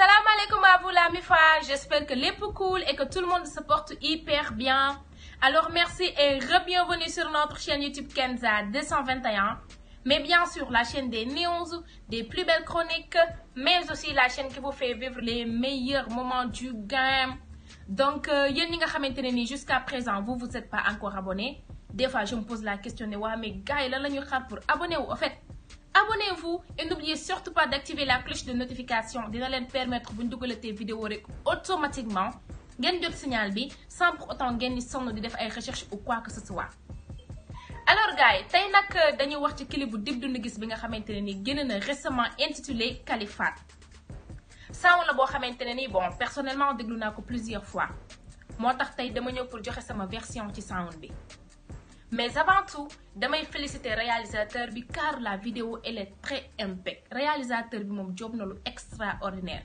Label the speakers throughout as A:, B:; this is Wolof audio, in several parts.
A: Salam alaikum à vous la mifa, j'espère que les cool et que tout le monde se porte hyper bien. Alors merci et re-bienvenue sur notre chaîne YouTube Kenza 221. Mais bien sûr, la chaîne des news, des plus belles chroniques, mais aussi la chaîne qui vous fait vivre les meilleurs moments du game. Donc, euh, jusqu'à présent, vous, vous êtes pas encore abonné. Des fois, je me pose la question, mais gars, il y a pour abonner ou en fait abonnez-vous et n'oubliez surtout pas d'activer la cloche de notification va permettre de vous des vidéos automatiquement jot signal sans pour autant gagner vous ne de recherche ou quoi que ce soit. alors gars aujourd'hui, nous euh, dañuy wax ci récemment intitulé Califat la bon personnellement déglu l'ai plusieurs fois je vais dama pour joxe version ci mais avant tout damay féliciter réalisateur bi car la vidéo elle est très réalisateur bi moom job na lu extraordinaire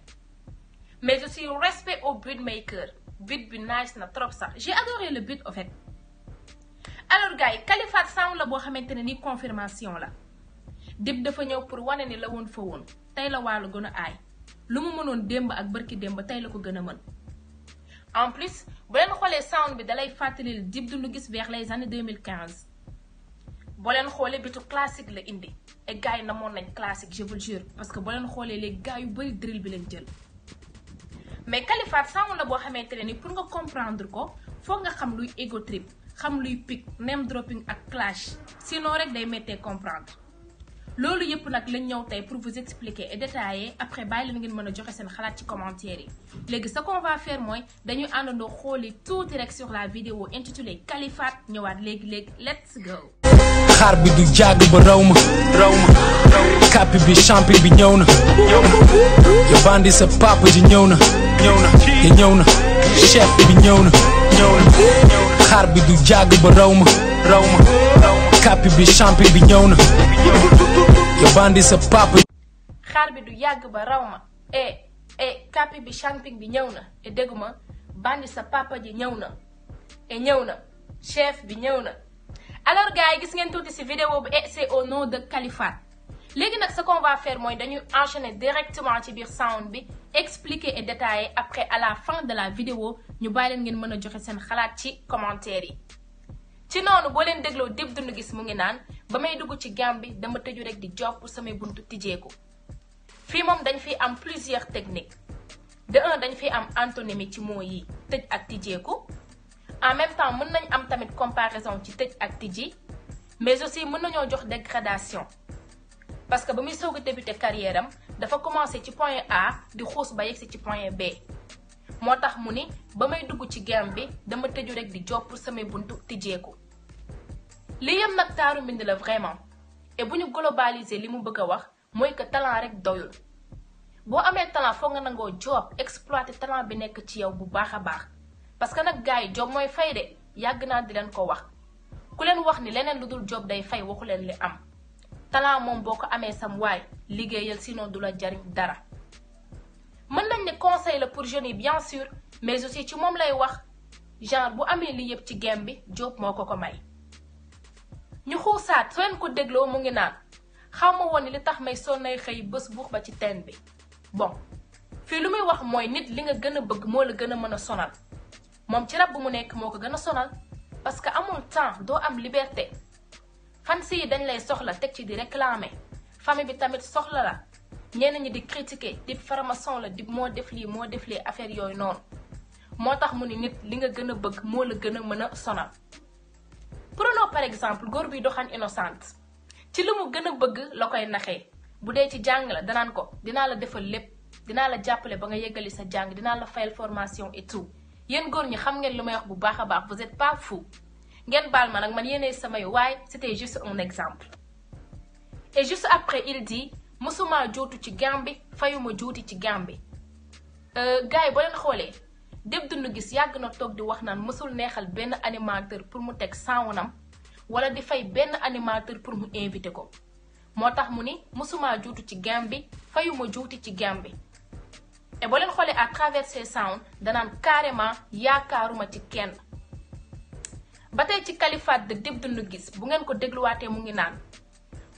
A: mais aussi respect au beatmaker beat bi nice na trop sax j'ai adoré le beat en fait alors gars yi Califat la boo xamante ne ni confirmation la Dip dafa ñëw pour wane ni la woon fa woon tey la wàllu gën a aay lu mu mënoon démb ak bërki démb tey la ko gën a mën en plus bu leen xoolee sound bi dalay fàttalil Dip Doundou Guiss vers les années 2015 boo leen xoolee bitu classique la indi et gars yi namoon nañ classique je vous le parce que boo leen xoolee les gars yu bëri drill bi lañ jël mais Califat sound la boo xamante ne ni pour nga comprendre ko foog nga xam luy ego trip xam luy pic name dropping ak clash sinon rek day méttee comprendre loolu yëpp nag lañ ñëw tey pour vous expliquer et détailler après bàyyi leen ngeen mën a joxe seen xalaat ci commentaire yi léegi ce qu'on va faire mooy dañuy àndandoo xooli tout direct sur la vidéo intitulée Califat ñëwaat léegi léegi let's go. xaar bi du jàgg ba raw ma raw ma kàppi bi champi bi ñëw na yo bandi sa papa ji ñëw na ñëw na ya ñëw na chef bi ñëw na ñëw na xaar bi du jàgg ba raw ma raw ma kàppi bi champi bi ñëw na your band is a papa. xaar du yag ba raw Eh, eh, e, e bi champing bi ñëw e deguma, ma bandi sa papa ji ñëw e ñëw chef bi ñëw alors gars yi gis ngeen tuuti vidéo et c'est au nom de Califat Maintenant, ce qu'on va faire C'est dañuy enchaîner directement ci biir sound bi expliquer et détailler après à la fin de la vidéo ñu allons leen ngeen mën commentaires joxe seen xalaat ci commentaire yi ci noonu boo leen dégloo Dip Doundou mu ngi naan bamay je dugg ci la dama tëju rek di pour samay buntu tijjeeku fi mom dañ fi am plusieurs techniques de un dañ am antonymie ci yi en même temps mën nañ am tamit comparaison ci tej ak mais aussi mën jox dégradation parce que je me débuter carrière am dafa commencer ci point A di ba ci point B moo tax mu ni ci gambi dama rek di pour samay buntu li yem nag taaru mbind la vraiment et bu ñu globaliser li mu bëgg a wax mooy que talent rek doyul boo amee talent foo nga nangoo job exploiter talent bi nekk ci yow bu baax a baax parce que nag gars yi job mooy fay de yàgg naa di leen ko wax ku leen wax ni leneen lu dul job day fay waxu leen li am talent moom boo ko amee sam waay liggéeyal sinon du la jariñ dara mën nañ ne conseil la pour jeunes yi bien sûr mais aussi ci moom lay wax genre bu amee li yëpp ci game bi moo ko ko may ñu xuusaat soo leen ko dégloo mu ngi naan xaw ma woon ni li tax may sonnay xëy bés buux ba ci teen bi bon fii lu muy wax mooy nit li nga gën a bëgg moo la gën a mën a sonal moom ci rab bu mu nekk moo ko gën a sonal parce que amul temps doo am liberté fans yi dañ lay soxla teg ci di réclamer famille bi tamit soxla la ñenn ñi di critiquer di farmason la di moo def lii moo def lii affaire yooyu noonu moo tax mu ni nit li nga gën a bëgg moo la gën a mën a sonal prenons par exemple Gorbi, bi innocent. innocente ci lu mu gëna bëgg la koy naxé bu ci jang la danan ko la la sa Dina la fayal formation et tout yéen gor xam ngeen lu may wax bu baaxa vous êtes pas fou ngeen bal ma nak man c'était juste un exemple. et juste après il dit musuma juutu ci gambe fayuma juuti ci gambe euh Dip Doundou gis yàgg na toog di wax naan mësul neexal benn animateur pour mu teg sanwonam wala di fay benn animateur pour mu invité ko moo tax mu ni mësumaa juutu ci game bi fayuma juuti ci game bi et boo leen xoolee à travers ces sound danaan carrément yaakaaruma ci kenn ba tey ci califat de Dip Doundou gis bu ngeen ko dégluwaatee mu ngi naan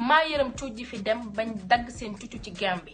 A: maa yërëm cuuj ji fi dem bañ dagg seen cucu ci game bi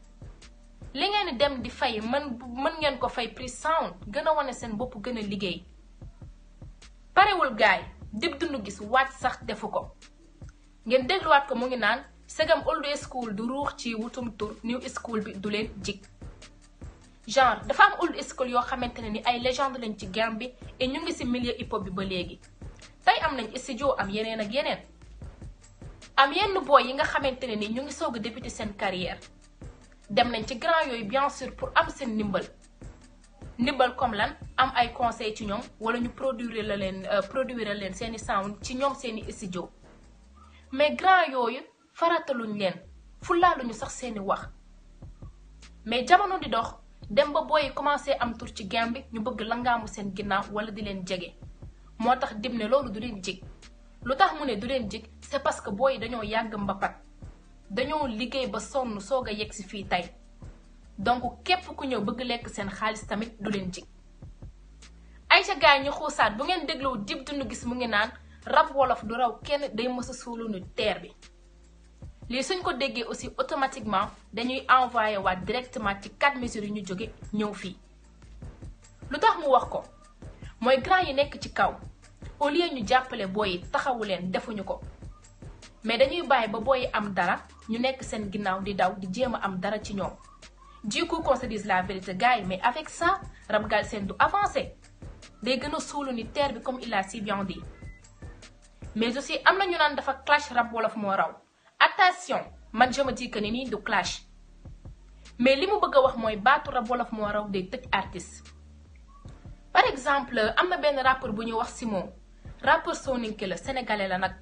A: li ngeen di dem di fay mën mën ngeen ko fay prix sound gën a wane seen bopp gën a liggéey parewul gaay dib dund gis waat sax defu ko ngeen dégluwaat ko mu ngi naan segam old school du ruux ci wutum tur new school bi du leen jig genre dafa am old school yoo xamante ne ni ay légende lañ ci Gambie et ñu ngi si milieu hip hop bi ba léegi tey am nañ studio am yeneen ak yeneen am yenn boy yi nga xamante ne ni ñu ngi soog a seen carrière dem nañ ci grand yooyu bien sûr pour am seen ndimbal ndimbal comme lan am ay conseil ci ñoom wala ñu produire la leen euh, produire leen seeni sound ci ñoom seeni studio mais grand yooyu farataluñ leen fullaaluñu sax seeni wax mais jamono di dox dem ba booy commencé am tur ci game ñu bëgg langaamu seen ginnaaw wala di leen jege moo tax dim ne loolu du leen jig lu tax mu ne du leen jig c'est parce que booy dañoo yàgg mbapat dañoo liggéey ba sonn soog a yegg si fii tey donc képp ku ñëw bëgg lekk seen xaalis tamit du leen jig ayca gars yi ñu bu ngeen dégloo dib dund gis mu ngi naan rab wolof du raw kenn day mës a suulu nu teer bi lii suñ ko déggee aussi automatiquement dañuy envoyé waat directement ci quatre mesures yu ñu jóge ñëw fii lu tax mu wax ko mooy grand yi nekk ci kaw au lieu ñu jàppale yi taxawu leen defuñu ko mais dañuy bàyyi ba booy am dara ñu nekk seen ginnaaw di daw di jéem a am dara ci ñoom du coup se la vérité gars yi mais avec ça Rap Galsen du avancé day gën a suulu ni terre bi comme il a si bien mais aussi am na ñu naan dafa clash rap wolof moo raw attention man je me dis que ni nii du clash mais li mu bëgg a wax mooy baatu rap wolof moo raw day tëj artiste par exemple am na benn rapport bu ñu wax si moom rapport soninke la sénégalais la nag.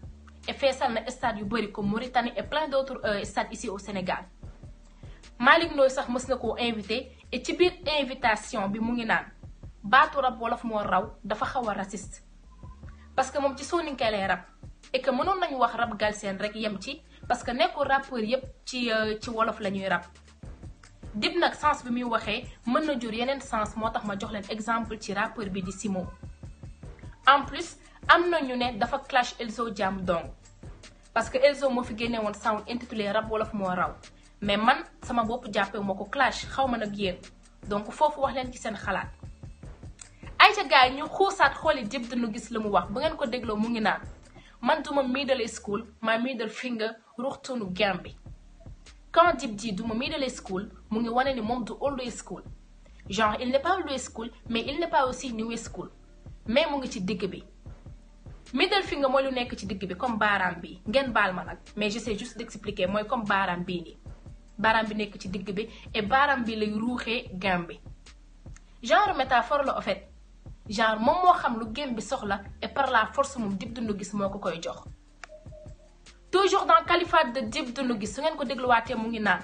A: et ça na stade yu de comme Mauritanie et plein d'autres euh, stades ici au Sénégal Malick sax invité et ci invitation bi mu ngi rap wolof mo raw dafa raciste parce que ci et que wax rek parce que rappeur ci euh, ci wolof rap sens bi na sens ma jox exemple rappeur Simo en plus am ñu ne dafa clash Elso Jam donc parce que Elzo moo fi génne woon sound intitulé rap wolof Mo raw mais man sama bopp jàppee moo ko clash xaw ma nag yéen donc foofu wax len ci sen xalat. ayca gars yi ñu xuusaat xooli Dip ñu gis lu mu wax bu ngeen ko deglo mu ngi naan man duma middle school ma middle finger ruxtunu Gambie quand Dip di duma middle school mu ngi wane ni moom du old school genre il n'est pas old school mais il n'est pas aussi new school mais mu ngi ci digg bi. fi nga mooy lu nekk ci digg bi comme baaraam bi ngeen baal ma nag mais j'essaie juste d'expliquer mooy comme baaraam bi nii baaraam bi nekk ci digg bi et baaraam bi lay ruuxee gem bi genre métaphore la en fait genre moom moo xam lu gem bi soxla et par la force moom dib dundu gis moo ko koy jox toujours dans califat de dib dundu gis su ngeen ko dégluwaatee mu ngi naan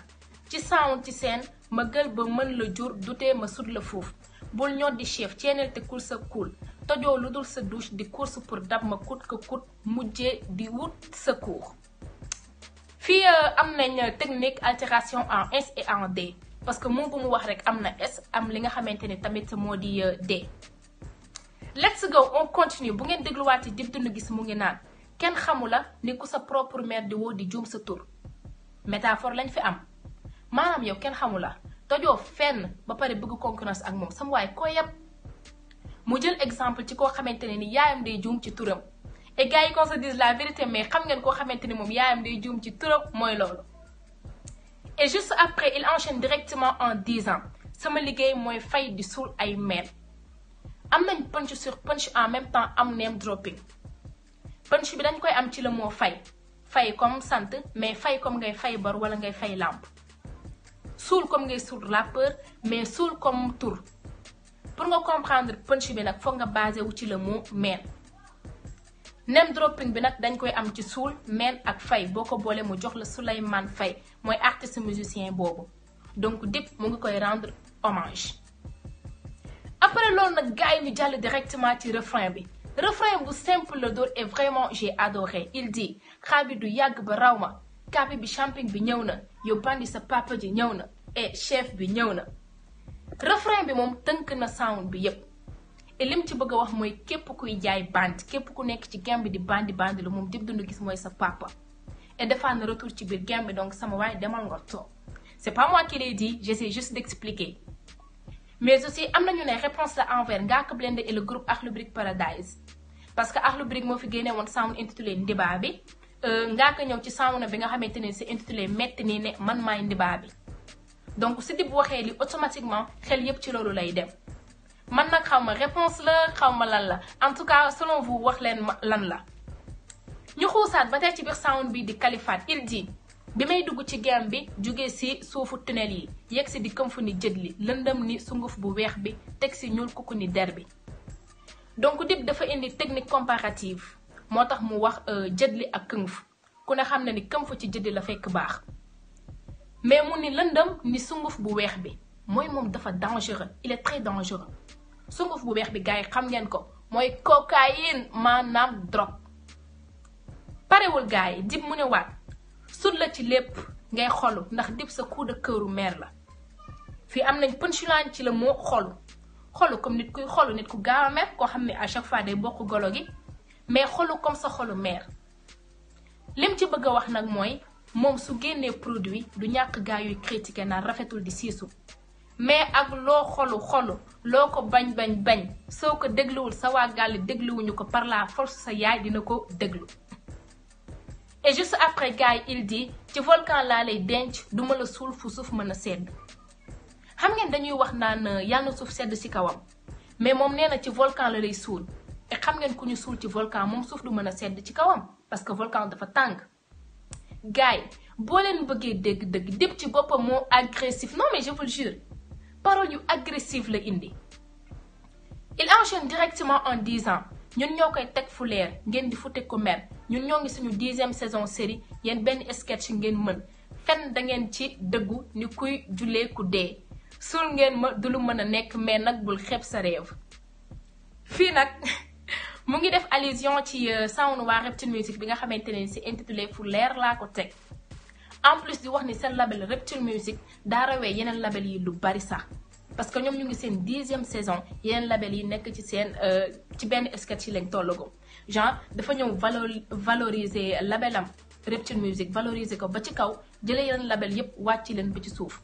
A: ci saawu ci seen ma gël ba mën la jur dutee ma sut la foofu bul ñor di chef ceeneel te kul sa tojo ludul sa douche di course pour dab ma kut ka kut mujjé di wut secours fii euh, am nañ euh, technique altération en s et en d parce que moom bu mu wax rek amna s am li nga xamanteni tamit moo di euh, d let's go on continue bu ngeen wati dib dund gis mu ngi nan ken xamula ni ku sa propre mère di wo di juum sa tour métaphore lañ fi am manam yow ken xamula tojo fenn ba pare bëgg concurrence ak mom sam way ko yab mu jël exemple ci koo xamante yaayam day ci et gars yi se la vérité mais xam ngeen koo xamante ni yaayam day juum ci turam mooy et juste après il enchaîne directement en disant sama liggéey mooy fay di suul ay vous am punch sur punch en même temps am name dropping punch bi dañ koy am ci le mot fay fay comme sant mais fay comme ngay fay bor wala ngay fay lamp comme ngay suul rappeur mais suul comme tour. pour nga comprendre punch bi nag foog nga basé wu ci le mot meen name dropping bi nag dañ koy am ci suul meen ak fay boo ko boolee mu jox la man fay mooy artiste musicien boobu donc Dip mu ngi koy rendre hommage. après loolu nag gars yi ñu jàll directement ci refrain bi refrain bu simple la dóor et vraiment j'ai adoré il dit xaabi du yàgg ba raw ma kaabi bi champagne bi ñëw na yóbbandi sa papa ji ñëw na et chef bi ñëw na. refrain bi moom tënk na sound bi yépp et lim ci bëgg a wax mooy képp kuy jaay band képp ku nekk ci game bi di bandi bandi lu moom Dip gis Guiss mooy sa papa et defaan na retour ci biir game bi donc sama waaye demal nga toog c'est pas moi qui l'ai dit j'essaie juste d'expliquer mais aussi am ñu ne réponse la envers Ngaaka blende et le groupe Akhlou Paradise parce que Akhlou Brick moo fi génne woon sound intitulé Ndiba bi euh, Ngaaka ñëw ci sound bi nga xamante ne c'est intitulé metti nii ne man maay Ndiba bi donc si bu waxee li automatiquement xel yépp ci loolu lay dem man nag xaw ma réponse la xaw ma lan la en tout cas selon vous wax leen lan la ñu xuusaat ba tey ci biir sound bi di Kaliphone il dit bi may dugg ci game bi jóge si suufu tunnel yi yegg si di këm fu ni jët li lëndëm ni sunguf bu weex bi teg si ñuul kukku ni der bi donc Dip dafa indi technique comparative moo tax mu wax euh, jët li ak këng fu ku ne xam na ni këm fu ci jët li la fekk baax mais mu ni lëndam ni sunguf bu weex bi mooy moom dafa dangereux il est très dangereux sunguf bu weex bi gars yi xam ngeen ko mooy cocaïne maanaam drogue parewul gars yi dib mu ne waat sut la ci lépp ngay xolu ndax dib sa coup këru meer la fii am nañ punchline ci la moo xolu xolu comme nit kuy xolu nit ku gaaw a mer koo xam ne à chaque fois de bokk golo gi mais xolu comme sa xolu meer lim ci bëgg a wax nag mooy mom su génné produit du ñak gaay yu critiqué na rafetul di siisu mais ak lo xolu xolu loko bañ bañ bañ soo ko dégluwul sa waa gàll wuñu ko par la force sa yaay dina ko déglu. et juste après gaay il dit ci volcan laa lay denc duma la suul fu suuf mën sedd xam ngeen dañuy wax naan euh, yàlla na suuf sedd ci kawam mais mom nee ci volcan la lay et xam ngeen ku ñu ci volcan mom suuf du mën sedd ci kawam parce que volcan dafa tàng. gars yi boo leen bëggee dégg dëgg dip ci boppam moo agressif non mais je vous le jure parole yu agressif la indi il enchaîne directement en disant ñun ñoo koy teg fu leer ngeen di fute ko mer ñun ñoo ngi suñu dixième saison série yéen benn sketch ngeen mën fenn dangeen ci dëggu ni kuy jullee ku dee suul ngeen ma du lu mën a nekk mais nag bul xeeb sa réew fii nag mungi def allusion ci euh, sound waa Reptile Music bi nga xamante ci intitulé pour l'air la ko tek en plus di wax ni sen label Reptile Music daa rawee yenen label yi lu bari sax parce que ñom ñu ngi sen 10e saison yenen label yi nek ci seen euh, ci ben sketch yi lañ tollagum genre dafa ñëw valo valoriser labelam Reptile Music valoriser ko ba ci kaw jëlé yenen label yépp wàcc leen ba ci suuf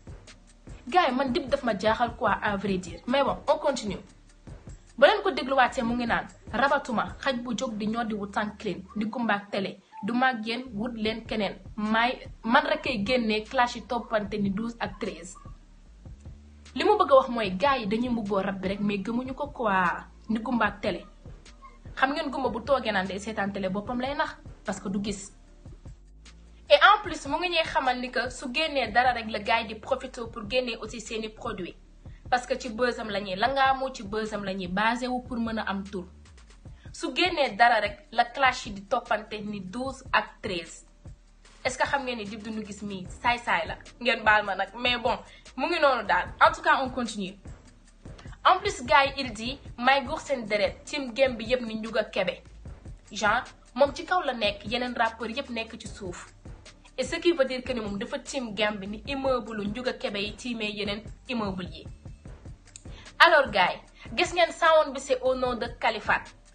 A: gars man dib daf ma jaaxal quoi à vrai dire mais bon on continue bu len ko déglu dégluwaatee mu ngi nan rabatuma xaj bu jóg di ñoo di wut tànk di kumbaak du maag yéen wut leen keneen may man rek ay génnee clash yi toppante ni 12 ak 13. li mu bëgg a wax mooy gars yi dañuy mbubboo rab bi rek mais gëmuñu ko quoi ni gumbaak télé xam ngeen gumba bu toogee naan day seetaan télé boppam lay nax parce que du gis. et en plus mu ngi ñuy xamal ni que su génnee dara rek la gars yi di profité pour génnee aussi seeni produit parce que ci bësam la ñuy langaamoo ci bësam la ñuy basé wu pour mën a am tur. su génnee dara rek la clash yi di toppante ni 12 ak 13 est-ce que xam ngeen ni du Doundou gis mii saay-saay la ngeen baal ma nag mais bon mu ngi noonu daal en tout cas on continue en plus gars yi il dit may guux seen deret cim gem bi yëpp ni Ndiouga Kébé genre moom ci kaw la nekk yeneen rappeurs yëpp nekk ci suuf et ce qui veut dire que ni moom dafa tiim gem bi ni immeuble Ndiouga kebe yi tiimee yeneen immeuble yi alors gars yi gis ngeen saawoon bi c'est au nom de Califat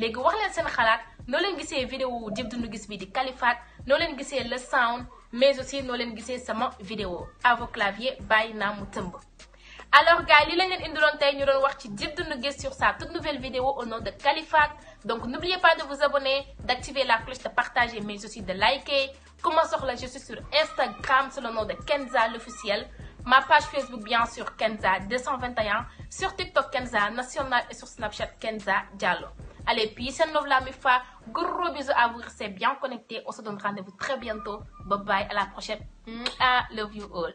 A: léegi wax leen seen xalaat noo leen gisee vidéo Dip Doundou vidéo bi di Califat noo leen gisee le sound mais aussi noo leen gisee sama vidéo à vos claviers bàyyi naa mu tëmb. alors gars li lañ leen indiloon tey ñu doon wax ci sur sa toute nouvelle vidéo au nom de Califat donc n'oubliez pas de vous abonner d'activer la cloche de partager mais aussi de liker comment soxla je suis sur Instagram sous le nom de Kenza l'officiel ma page Facebook bien sûr Kenza 221 sur TikTok Kenza National et sur Snapchat Kenza Diallo. Allez, puis c'est Novla Mifa. Gros bisous à vous, restez bien connectés. On se donne rendez-vous très bientôt. Bye bye, à la prochaine. I love you all.